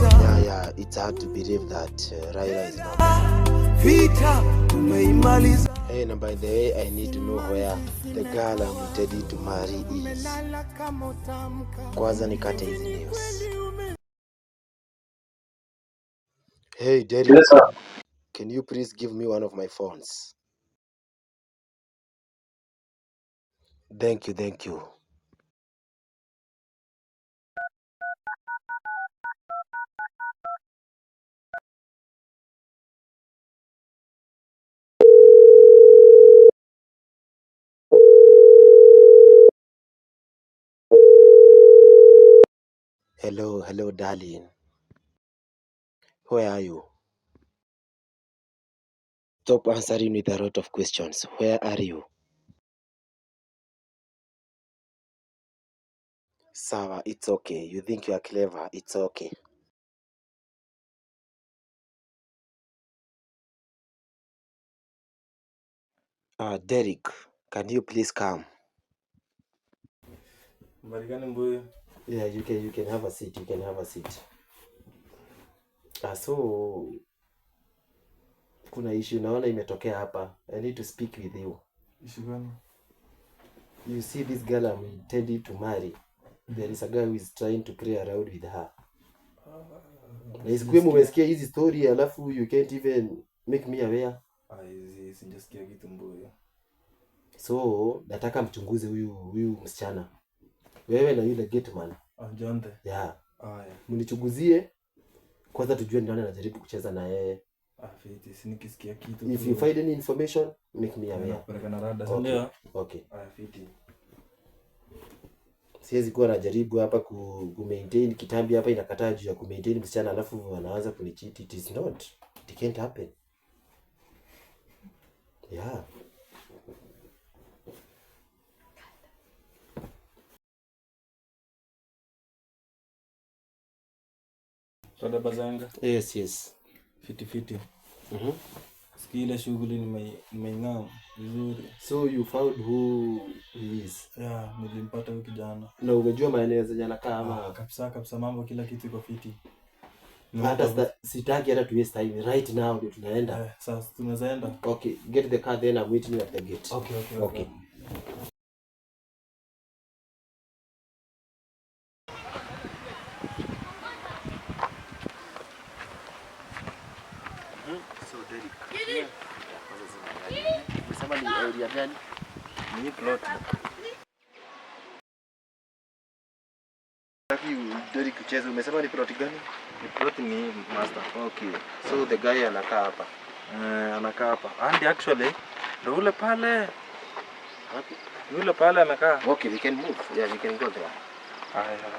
Yeah, yeah, it's hard to believe that uh, Raila is not. Ah, hey, and by the way, I need to know where the girl I'm ready to marry is. Kwanza nikate hizi news. Hey, Derek. Yes, sir. Can you please give me one of my phones? Thank you, thank you. Hello, hello, darling. Where are you? Stop answering with a lot of questions. Where are you? Sarah, it's okay. You think you are clever. It's okay. Uh, Derek, can you please come? Marigani Yeah, you can you can have a seat. You can have a seat. Uh, so kuna issue naona imetokea hapa. I need to speak with you. Issue gani? You see this girl I'm intending to marry. There is a guy who is trying to play around with her. Na isikuwe mumesikia hizi story alafu you can't even make me aware. Ah, hizi sijasikia kitu mbaya. So nataka mchunguze huyu huyu msichana wewe na yule gateman Ajonde. Yeah. Ah, yeah. Mnichuguzie kwanza tujue nani anajaribu kucheza na yeye. Afiti, ah, si nikisikia kitu. If you find any information, make me aware. Napeleka na rada, si ndio? Okay. Ah, Siwezi kuwa najaribu hapa ku, ku maintain kitambi hapa inakataa juu ya ku maintain msichana alafu anaanza kunichiti. It is not. It can't happen. Yeah. Toda bazanga. Yes, yes. Fiti fiti. Mhm. Mm Siki ile shughuli nimeing'am vizuri. So you found who he is. Yeah, nilimpata huyu kijana. Na umejua maelezo jana kama ah, kabisa kabisa mambo kila kitu iko fiti. Hata sitaki hata tu waste time right now ndio tunaenda. Eh, sasa tunaenda Okay, get the car then I'm waiting at the gate. Okay, okay. Okay. okay. Umesema ni plot gani? Ni plot ni master. Okay. So the guy anakaa hapa. Eh, anakaa hapa. And actually ndio ule pale. Yule pale anakaa. Okay, we can move. Yeah, we can go there.